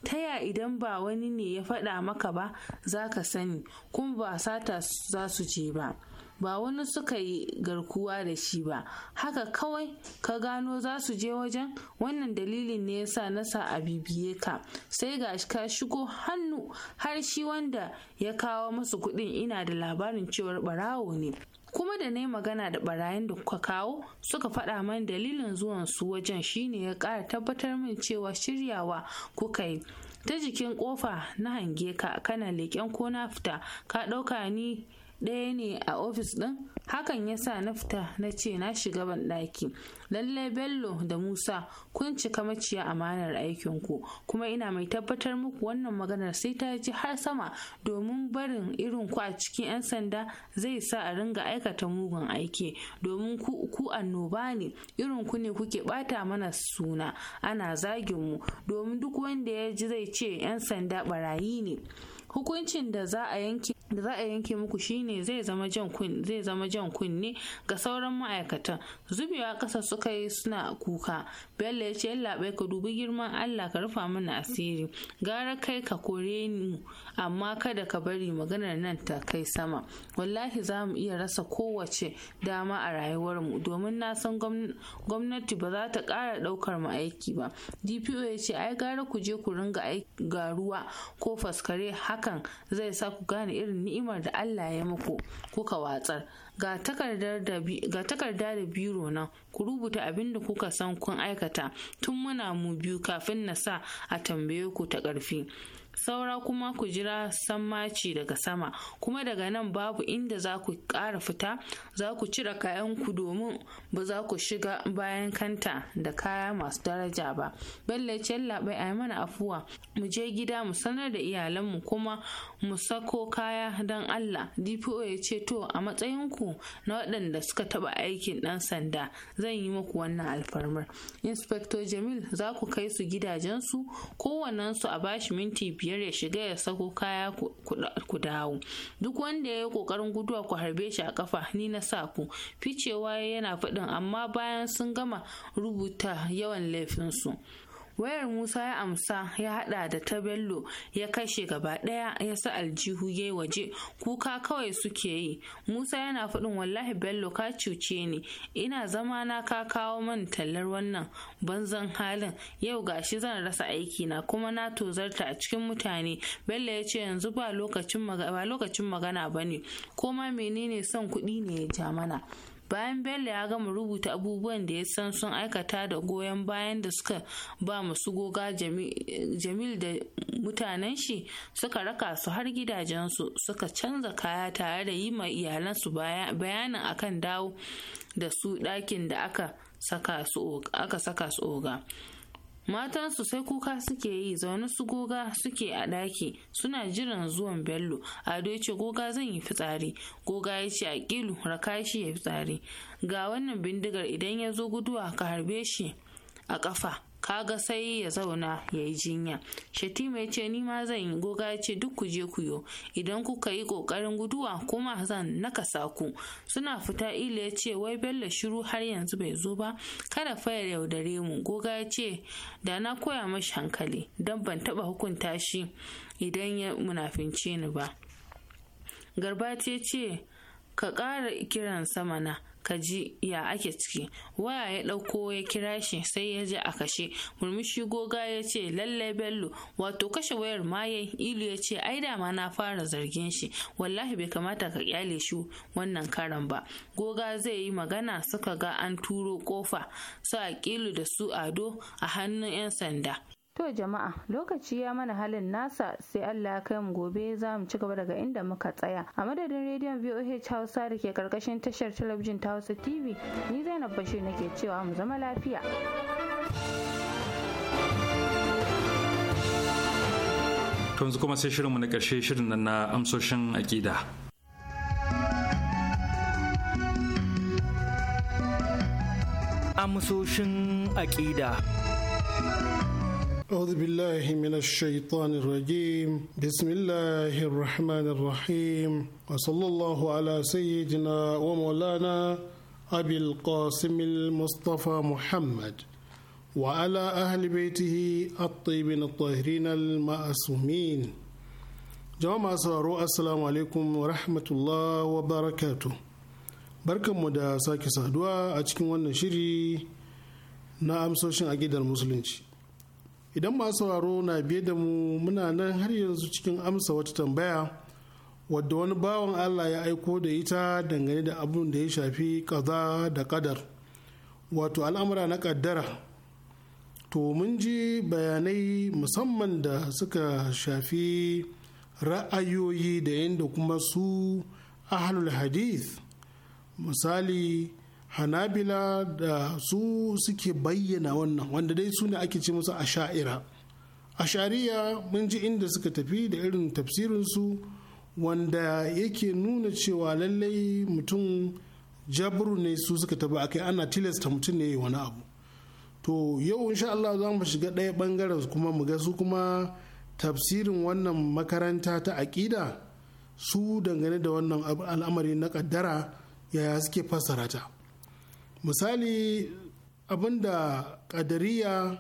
ta ya idan ba wani ne ya faɗa maka ba za ka sani kuma ba sata za su je ba ba wani suka yi garkuwa da shi ba haka kawai ka gano za su je wajen wannan dalilin ne yasa na sa a bibiye ka sai ga ka shigo hannu har shi wanda ya kawo masu kuɗin ina da labarin cewar barawo ne kuma da na yi magana da barayin da kuka kawo suka faɗa mani dalilin zuwan su wajen shine ya ƙara tabbatar min cewa shiryawa kuka yi ta jikin ƙofa na hange ka kana leƙen ko na fita ka ɗauka ni ɗaya ne a ofis ɗin hakan ya sa na fita na ce na shiga ban ɗaki lallai bello da musa kun cika maciya amanar aikinku kuma ina mai tabbatar muku wannan maganar sai ta ji har sama domin barin irin ku a cikin 'yan sanda zai sa a ringa aikata mugun aiki domin ku annoba ne irin ku ne kuke bata mana suna ana zagin mu domin duk wanda ya ji zai ce 'yan sanda barayi ne hukuncin da za a yanke da za a yanke muku shine zai zama jan kunne zai zama jan kunne ga sauran ma'aikatan zubewa ƙasa suka yi suna kuka bello ya ce yallaɓe ka dubi girman allah ka rufa mana asiri gara kai ka kore ni amma kada ka bari maganar nan ta kai sama wallahi za mu iya rasa kowace dama a rayuwar mu, domin na san gwamnati ba za ta ƙara ɗaukar mu aiki ba dpo ya ce ai gara ku je ku ringa aiki ga ruwa ko faskare haka hakan zai sa ku gane irin ni'imar da Allah ya muku kuka watsar ga takarda da biro nan ku rubuta abin da kuka san kun aikata tun muna mu biyu kafin na sa a tambaye ku ta ƙarfi saura kuma ku jira sammaci daga sama kuma daga nan babu inda za ku ƙara fita za ku cire ku domin ba za ku shiga bayan kanta da kaya masu daraja ba balle labai a mana afuwa mu je gida mu sanar da iyalanmu kuma mu sako kaya don allah dpo ya ce to a matsayinku na waɗanda suka taɓa aikin ɗan sanda zan yi muku wannan alfarmar inspector jamil za ku kai su gidajensu kowannensu a bashi minti biyar biyar ya shiga ya sako kaya ku dawo duk wanda ya yi kokarin guduwa ku harbe shi a kafa ni na sa ku ficewa yana faɗin amma bayan sun gama rubuta yawan laifinsu wayar musa ya amsa ya hada da ta bello ya kashe gaba daya ya sa aljihu ya waje kuka kawai suke yi musa yana faɗin wallahi bello ka cuce ni ina zama na ka kawo man tallar wannan banzan halin yau gashi zan rasa aiki na kuma na tozarta a cikin mutane bello ya ce yanzu ba lokacin magana bane koma menene son kuɗi ne ya ja mana bayan bello ya gama rubuta abubuwan da ya san sun aikata da goyon bayan da suka ba masu goga jamil da mutanen shi suka raka su har gidajensu suka canza kaya tare da yi ma iyalansu bayanin akan dawo da su ɗakin da aka saka su oga matansu sai kuka suke yi zaune su goga suke a ɗaki suna jiran zuwan bello ado ya ce goga zan yi fitsari goga ya ce a ƙilu rakashi shi ya fitsari ga wannan bindigar idan ya zo guduwa ka harbe shi a ƙafa kaga sai ya zauna ya yi jinya shatima ya ce nima zan yi goga ya ce duk ku je ku yo idan kuka yi kokarin guduwa kuma zan nakasa ku suna fita ila ya ce wai bello shiru har yanzu bai zo ba kada fa yaudare mu goga ya ce da na koya mashi hankali don ban taba hukunta shi idan ya munafince ni ba garba ce ce ka ƙara kiran sama na. ka ji ya ake ciki waya ya ɗauko ya kira shi sai ya ji a kashe murmushi goga ya ce lalle bello wato kashe wayar maye ilu ya ce ai dama na fara zargin shi wallahi bai kamata ka kyale shi wannan karan ba goga zai yi magana suka ga an turo kofa su a kilu da su ado a hannun 'yan sanda To jama'a lokaci ya mana halin nasa sai Allah ya kai mu gobe za mu ci gaba daga inda muka tsaya. A madadin rediyon VOH Hausa da ke karkashin tashar talabijin ta Hausa TV ni Zainab Bashir nake cewa mu zama lafiya. yanzu kuma sai shirinmu na ƙarshe shirin nan na amsoshin aƙida. Amsoshin aƙida. أعوذ بالله من الشيطان الرجيم بسم الله الرحمن الرحيم وصلى الله على سيدنا ومولانا أبي القاسم المصطفى محمد وعلى أهل بيته الطيبين الطاهرين المعصومين جماعة سارو السلام عليكم ورحمة الله وبركاته بركة مدى ساكي سادوا أتكون ونشري na amsoshin aƙidar musulunci idan masu sauraro na biye da mu muna nan har yanzu cikin amsa wata tambaya wadda wani bawan Allah ya aiko da ita dangane da abun da ya shafi kaza da kadar wato al'amura na kaddara to mun ji bayanai musamman da suka shafi ra'ayoyi da yadda kuma su ahlul hadith misali hanabila da su suke bayyana wannan wanda dai su ne ake ce musu a sha'ira, a shari'a mun ji inda suka tafi da irin tafsirinsu wanda yake nuna cewa lallai mutum jabru ne su suka tafi a kai ana tilasta mutum ne wani abu to yau insha Allah za mu shiga ɗaya ɓangaren kuma mu ga su kuma tafsirin wannan makaranta ta aƙida su dangane da wannan al'amari na ƙaddara yaya suke fassara ta misali abinda ƙadariya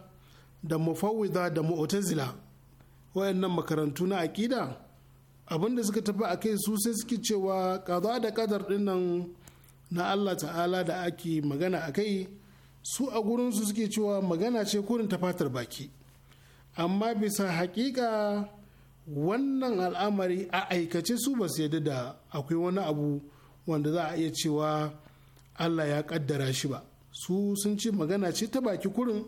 da mufawwida da mu'tazila wayannan makarantu na aƙida abinda suka tafi a kai su sai suke cewa kaza da kadar dinnan na Allah ta'ala da ake magana a kai su a gurinsu suke cewa magana ce kurin ta fatar baki amma bisa haƙiƙa wannan al'amari a aikace su ba su yadda da akwai wani abu wanda za a iya cewa Allah ya kaddara shi ba su sun ci magana ce ta baki kurin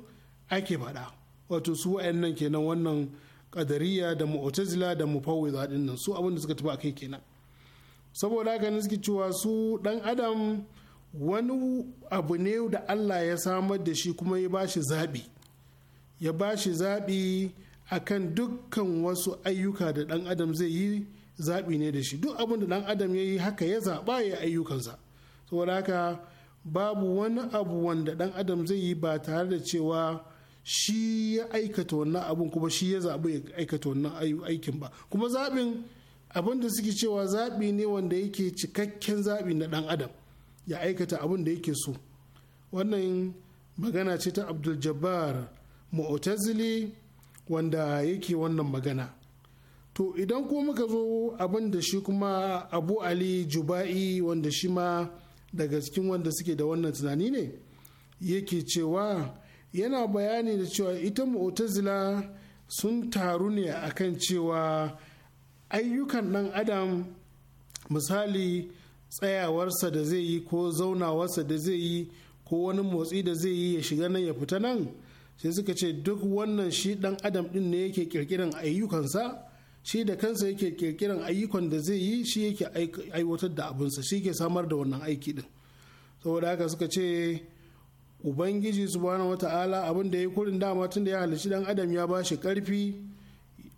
ake faɗa wato su wa'annan kenan wannan kadariya da mu'tazila da mufawwiza dinnan su abin da suka tafi akai kenan saboda haka ne suke cewa su dan adam wani abu ne da Allah ya samar da shi kuma ya bashi zabi ya bashi zabi akan dukkan wasu ayyuka da dan adam zai yi zabi ne da shi duk abin da dan adam ya yi haka ya zaba ya ayyukansa saboda haka babu wani abu wanda dan adam zai yi ba tare da cewa shi ya aikata wannan abun kuma shi ya zaɓi ya aikata wannan aikin ba kuma zaɓin abin da suke cewa zaɓi ne wanda yake cikakken zaɓi na dan adam ya aikata abin da yake so wannan magana ce ta abdul jabbar mu'tazili wanda yake wannan magana to idan ko muka zo abin da shi kuma abu ali juba'i wanda shi ma daga cikin wanda suke da wannan tunani ne yake cewa yana bayani da cewa ita mu'tazila sun taru ne akan cewa ayyukan ɗan adam misali tsayawarsa da zai yi ko zaunawarsa da zai yi ko wani motsi da zai yi ya shiga nan ya fita nan sai suka ce duk wannan shi ɗan adam ɗin ne yake kirkiran ayyukansa shi da kansa yake kirkiran ayyukan da zai yi shi yake aiwatar da abinsa shi ke samar da wannan aiki din saboda haka suka ce ubangiji subhanahu wata'ala abin da ya kurin dama tun da ya halarci dan adam ya ba shi karfi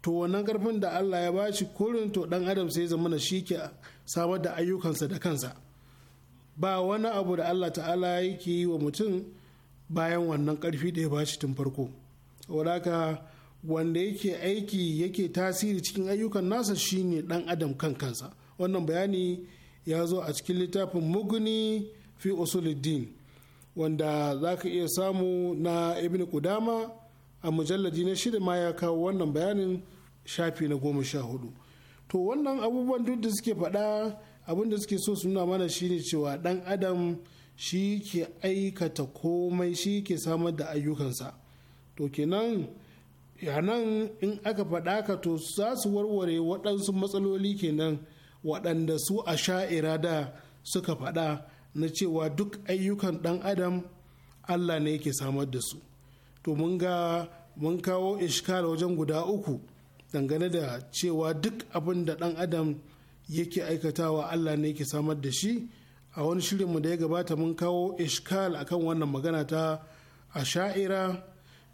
to wannan karfin da Allah ya ba shi kurin to dan adam sai zama na shi ke samar da ayyukansa da kansa ba wani abu da Allah ta'ala yake yi wa mutum bayan wannan karfi da ya ba shi tun farko saboda haka wanda yake aiki yake tasiri cikin ayyukan nasa shine dan adam kan kansa wannan bayani ya zo a cikin littafin muguni fi usuluddin wanda za ka iya samu na ibn kudama a mujallaji na shida ma ya kawo wannan bayanin shafi na goma sha hudu to wannan abubuwan duk da suke faɗa abin da suke so su nuna mana shine cewa dan adam shi ke aikata komai shi ke samar da ayyukansa to kenan nan in aka faɗa ka to za su warware waɗansu matsaloli kenan waɗanda su a sha'ira da suka faɗa na cewa duk ayyukan ɗan adam allah ne yake samar da su to mun ga mun kawo ishkal wajen guda uku dangane da cewa duk abin da ɗan adam yake aikatawa allah ne yake samar da shi a wani shirinmu da ya gabata mun kawo ishkal akan wannan magana ta a sha'ira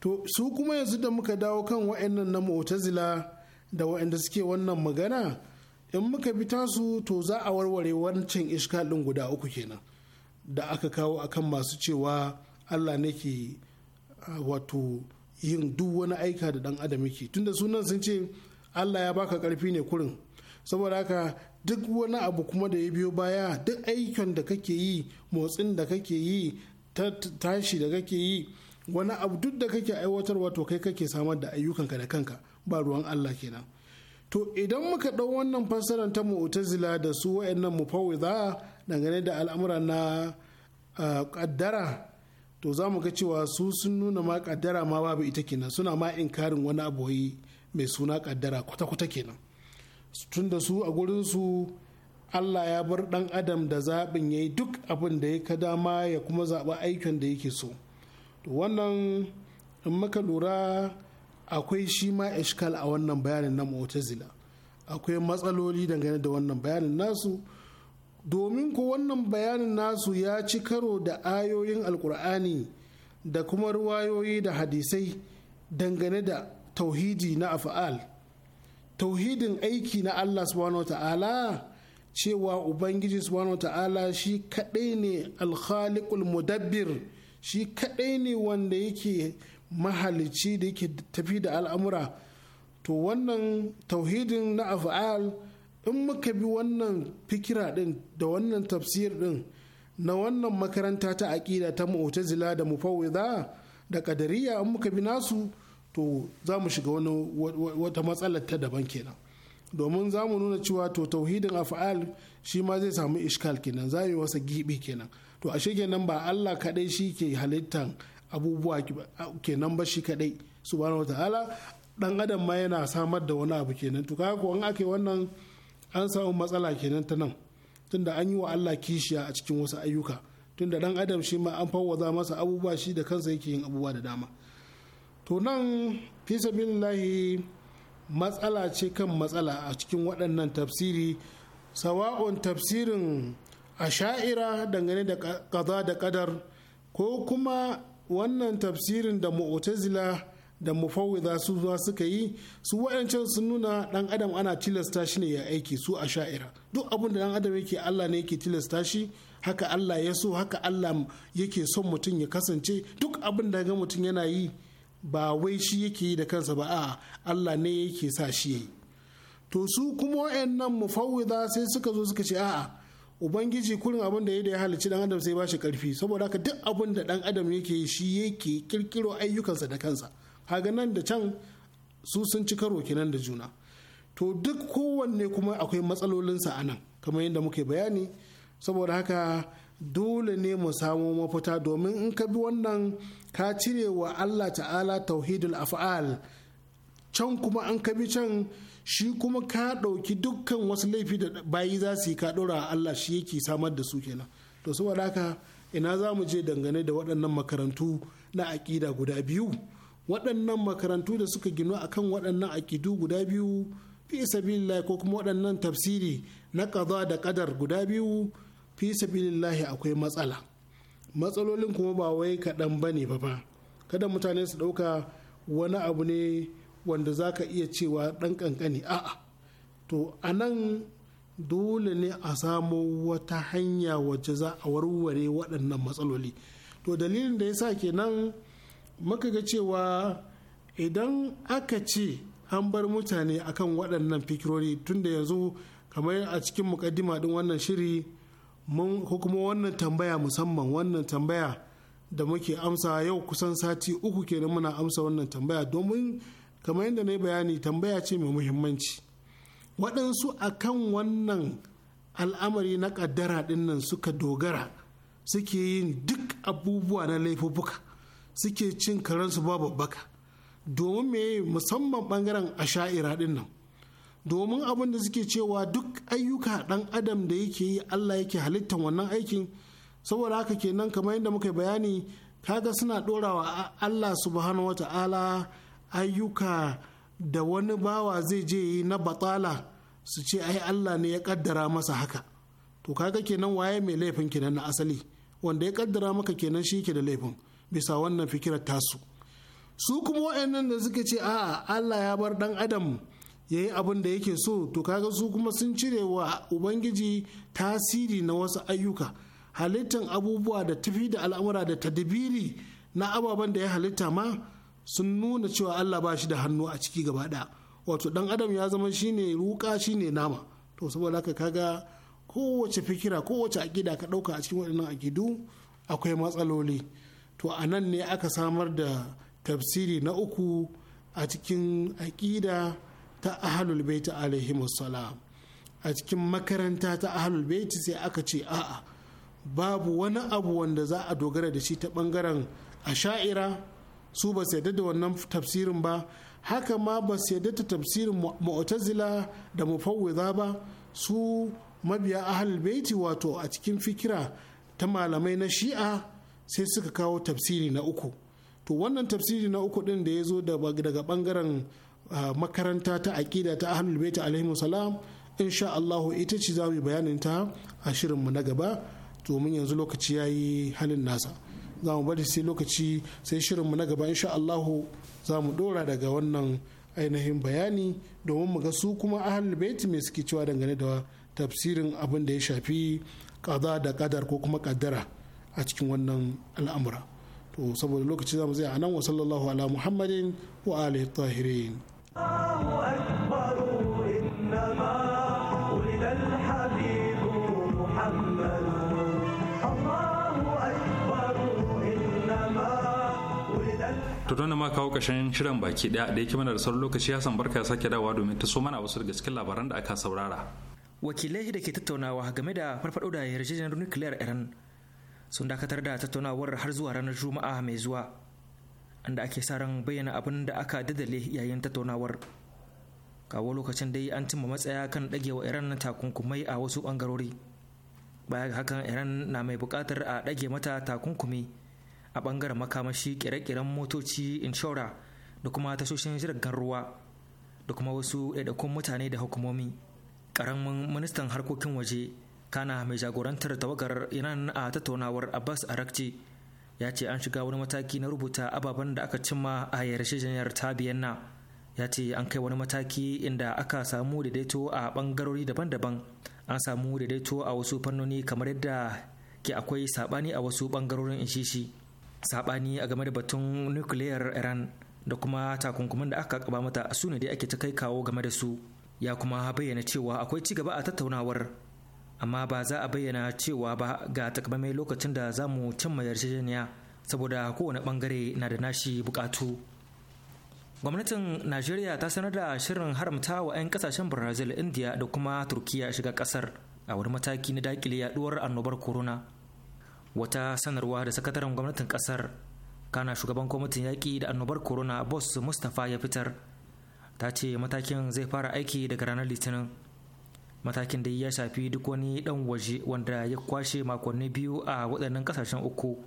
to su kuma yanzu da muka dawo kan wa'annan na mu'tazila da wa'anda suke wannan magana in muka bi tasu to za a warware wancan iskalin guda uku kenan da aka kawo akan masu cewa allah ne ke wato yin duk wani aika da dan adam yake tunda sunan sun ce allah ya baka karfi ne kurin saboda haka duk wani abu kuma da ya biyo baya duk aikin da kake yi motsin da kake yi tashi da kake yi wani abu duk da kake aiwatarwa to kai kake samar da ayyukan ka da kanka ba ruwan Allah kenan to idan muka ɗau wannan fassarar ta mu'tazila da su mu mufawwidha dangane da al'amura na kaddara to za mu ga cewa su sun nuna ma kaddara ma babu ita kenan suna ma inkarin wani abu mai suna kaddara kwata-kwata kenan tun da su a gurin su Allah ya bar dan adam da zaɓin ya yi duk abin da ya ka dama ya kuma zaɓa aikin da yake so. wannan in maka lura akwai shi ma ishkal a wannan bayanin na mu'tazila akwai matsaloli dangane da wannan bayanin nasu domin ko wannan bayanin nasu ya ci karo da ayoyin alkur'ani da kuma ruwayoyi da hadisai dangane da tauhidi na afa'al tauhidin aiki na allah subhanahu ta'ala cewa ubangiji subhanahu ta'ala shi kaɗai ne alkhaliqul mudabbir shi kaɗai ne wanda yake mahalici da yake tafi da al'amura to wannan tauhidin na af'al in muka bi wannan fikira din da wannan tafsir din na wannan makaranta ta aƙida ta mu'tazila da mufawwidha da ƙadariya in muka bi nasu to za mu shiga wani wata matsalar ta daban kenan domin za mu nuna cewa to tauhidin af'al shi ma zai samu ishkal kenan za yi wasa gibi kenan to ashe kenan ba Allah kadai shi ke halittan abubuwa kenan ba shi kadai subhanahu wataala dan adam ma yana samar da wani abu kenan to kaga ko an aka wannan an samu matsala kenan ta nan tunda an yi wa Allah kishiya a cikin wasu ayyuka tunda dan adam shi ma an fawwaza masa abubuwa shi da kansa yake yin abubuwa da dama to nan fi sabilillahi matsala ce kan matsala a cikin waɗannan tafsiri sawa'un tafsirin a sha'ira dangane da kaza da kadar ko kuma wannan tafsirin da mu'tazila da mufawwiza su zuwa suka yi su waɗancan sun nuna dan adam ana tilasta shi ne ya aiki su a sha'ira duk abin da dan adam yake allah ne yake tilasta shi haka allah ya so haka allah yake son mutum ya kasance duk abin da ga mutum yana yi ba wai shi yake yi da kansa ba a allah ne yake sa shi yi to su kuma waɗannan mufawwiza sai suka zo suka ce a'a ubangiji kurin abin da ya da ya halicci dan adam sai ba shi karfi saboda haka duk abin da dan adam yake shi yake kirkiro ayyukansa da kansa haga nan da can su sun ci karo kenan da juna to duk kowanne kuma akwai matsalolinsa a nan kamar yadda muke bayani saboda haka dole ne mu samo mafita domin in ka bi wannan ka cire wa Allah ta'ala tauhidul af'al can kuma an ka bi can shi kuma ka ɗauki dukkan wasu laifi da bayi za su yi ka ɗora Allah shi yake samar da su kenan to saboda haka ina za mu je dangane da waɗannan makarantu na aƙida guda biyu waɗannan makarantu da suka ginu akan waɗannan aƙidu guda biyu fi sabilillahi ko kuma waɗannan tafsiri na ƙaza da ƙadar guda biyu fi sabilillahi akwai matsala matsalolin kuma ba wai kaɗan ba ne ba kada mutane su ɗauka wani abu ne wanda za ka iya cewa ɗan ƙanƙani a'a to a nan dole ne a samo wata hanya wacce za a warware waɗannan matsaloli to dalilin da ya sa kenan muka ga cewa idan aka ce an bar mutane akan waɗannan fikirori tunda yanzu kamar a cikin mukaddima ɗin wannan shiri mun ko kuma wannan tambaya musamman wannan tambaya da muke amsa yau kusan sati uku kenan muna amsa wannan tambaya domin kamar yadda na yi bayani tambaya ce mai muhimmanci waɗansu a kan wannan al'amari na ƙaddara ɗin nan suka dogara suke yin duk abubuwa na laifuffuka suke cin karansu babu baka domin me musamman ɓangaren asha'ira ɗin nan domin abin da suke cewa duk ayyuka ɗan adam da yake yi allah yake halittar wannan aikin saboda haka kenan kamar yadda muka bayani kaga suna ɗorawa allah subhanahu wa ta'ala ayyuka da wani bawa zai je yi na batsala su ce ai Allah ne ya kaddara masa haka to kaga kenan waye mai laifin kenan na asali wanda ya kaddara maka kenan shi ke da laifin bisa wannan fikirar tasu su kuma waɗannan da suka ce a Allah ya bar dan adam ya yi abin da yake so to kaga su kuma sun cire wa ubangiji tasiri na wasu ayyuka halittan abubuwa da tafi da al'amura da tadbiri na ababen da ya halitta ma sun nuna cewa Allah ba shi da hannu a ciki gaba ɗaya wato dan adam ya zama shine ruka shine nama to saboda haka kaga kowace fikira kowace aƙida ka ɗauka a cikin waɗannan akidu akwai matsaloli to a nan ne aka samar da tafsiri na uku a cikin aƙida ta ahalul baiti alaihi salam a cikin makaranta ta ahalul baiti sai aka ce a'a babu wani abu wanda za a dogara da shi ta bangaren sha'ira su ba su yadda da wannan tafsirin ba haka ma ba su yadda da tafsirin mu'tazila da mufawwiza ba su mabiya ahlul baiti wato a cikin fikira ta malamai na shi'a sai suka kawo tafsiri na uku to wannan tafsiri na uku din da ya zo daga bangaren makaranta ta aƙida ta ahlul baiti alaihi salam insha Allahu ita ce za mu bayanin ta a shirin mu na gaba domin yanzu lokaci yayi halin nasa za mu bari sai lokaci sai shirin mu na gaba insha Allahu za mu dora daga wannan ainihin bayani domin mu ga su kuma ahlul baiti me suke cewa dangane da tafsirin abin da ya shafi kaza da kadar ko kuma kaddara a cikin wannan al'amura to saboda lokaci za mu zai anan wa sallallahu ala muhammadin wa alihi tahirin Allahu akbar to don ma kawo kashin shirin baki daya da yake mana da sauran lokaci Hassan barka ya sake dawowa domin ta so mana wasu daga cikin labaran da aka saurara wakilai da ke tattaunawa game da farfado da yarjejeniyar nukiliyar Iran sun dakatar da tattaunawar har zuwa ranar Juma'a mai zuwa inda ake sa ran bayyana abin da aka dadale yayin tattaunawar kawo lokacin dai an cimma matsaya kan dagewa Iran takunkumai a wasu bangarori baya ga hakan Iran na mai bukatar a dage mata takunkumi a bangaren makamashi kire-kiren motoci inshora da kuma tashoshin jiragen ruwa da kuma wasu ɗaiɗaikun mutane da hukumomi ƙaramin ministan harkokin waje kana mai jagorantar tawagar iran a tattaunawar abbas arakci ya ce an shiga wani mataki na rubuta ababen da aka cimma a yarjejeniyar ta biyanna ya ce an kai wani mataki inda aka samu daidaito a bangarori daban-daban an samu daidaito a wasu fannoni kamar yadda ke akwai sabani a wasu bangarorin inshishi sabani a game da batun nukiliyar iran da kuma takunkumin da aka kaba mata su ne dai ake ta kai kawo game da su ya kuma bayyana cewa akwai ci gaba a tattaunawar amma ba za a bayyana cewa ba ga takamaimai lokacin da za mu cimma yarjejeniya saboda kowane bangare na da nashi bukatu gwamnatin najeriya ta sanar da shirin haramta wa 'yan kasashen brazil india da kuma turkiya shiga kasar a wani mataki na dakile yaduwar annobar corona wata sanarwa da sakataren gwamnatin kasar kana shugaban kwamitin yaƙi da annobar corona boss mustapha ya fitar ta ce matakin zai fara aiki daga ranar litinin matakin da ya shafi duk wani dan waje wanda ya kwashe makonni biyu a waɗannan ƙasashen uku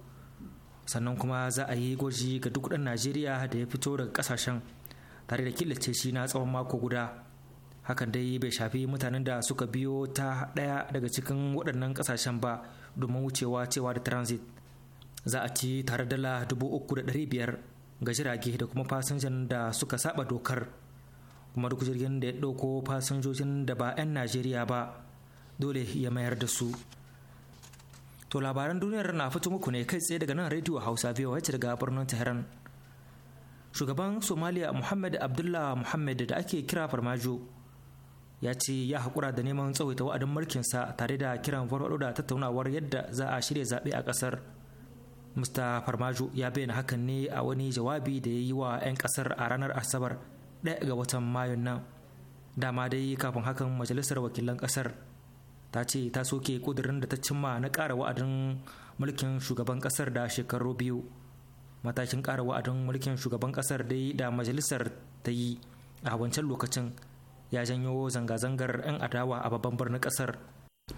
sannan kuma za a yi gwaji ga duk ɗan najeriya da ya fito daga ƙasashen tare da killace shi na tsawon mako guda hakan dai bai shafi mutanen da suka biyo ta ɗaya daga cikin waɗannan ƙasashen ba domin wucewa cewa da transit za a ci tare dala biyar ga jirage da kuma fasinjan da suka saba dokar kuma duk jirgin da ya ɗauko fasinjojin da ba 'yan najeriya ba dole ya mayar da su to labaran duniyar na fito muku ne kai tsaye daga nan rediyo hausa wacce daga birnin tehran shugaban somaliya muhammad abdullah muhammad da ake kira farmajo ya ce ya haƙura da neman tsawaita wa'adin mulkinsa tare da kiran farfaɗo da tattaunawar yadda za a shirya zaɓe a ƙasar mr farmajo ya bayyana hakan ne a wani jawabi da ya yi wa 'yan ƙasar a ranar asabar ɗaya ga watan mayun nan dama dai kafin hakan majalisar wakilan ƙasar ta ce ta soke ƙudurin da ta cimma na ƙara wa'adin mulkin shugaban ƙasar da shekaru biyu matakin ƙara wa'adin mulkin shugaban ƙasar dai da majalisar ta yi a wancan lokacin ya janyo zanga-zangar 'yan adawa a babban birnin kasar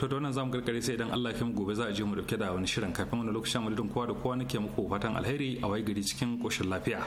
to da wannan zamu gargare sai idan Allah ya gobe za a je mu dauke da wani shirin kafin wani lokacin mu kowa da kowa nake muku fatan alheri a wai gari cikin koshin lafiya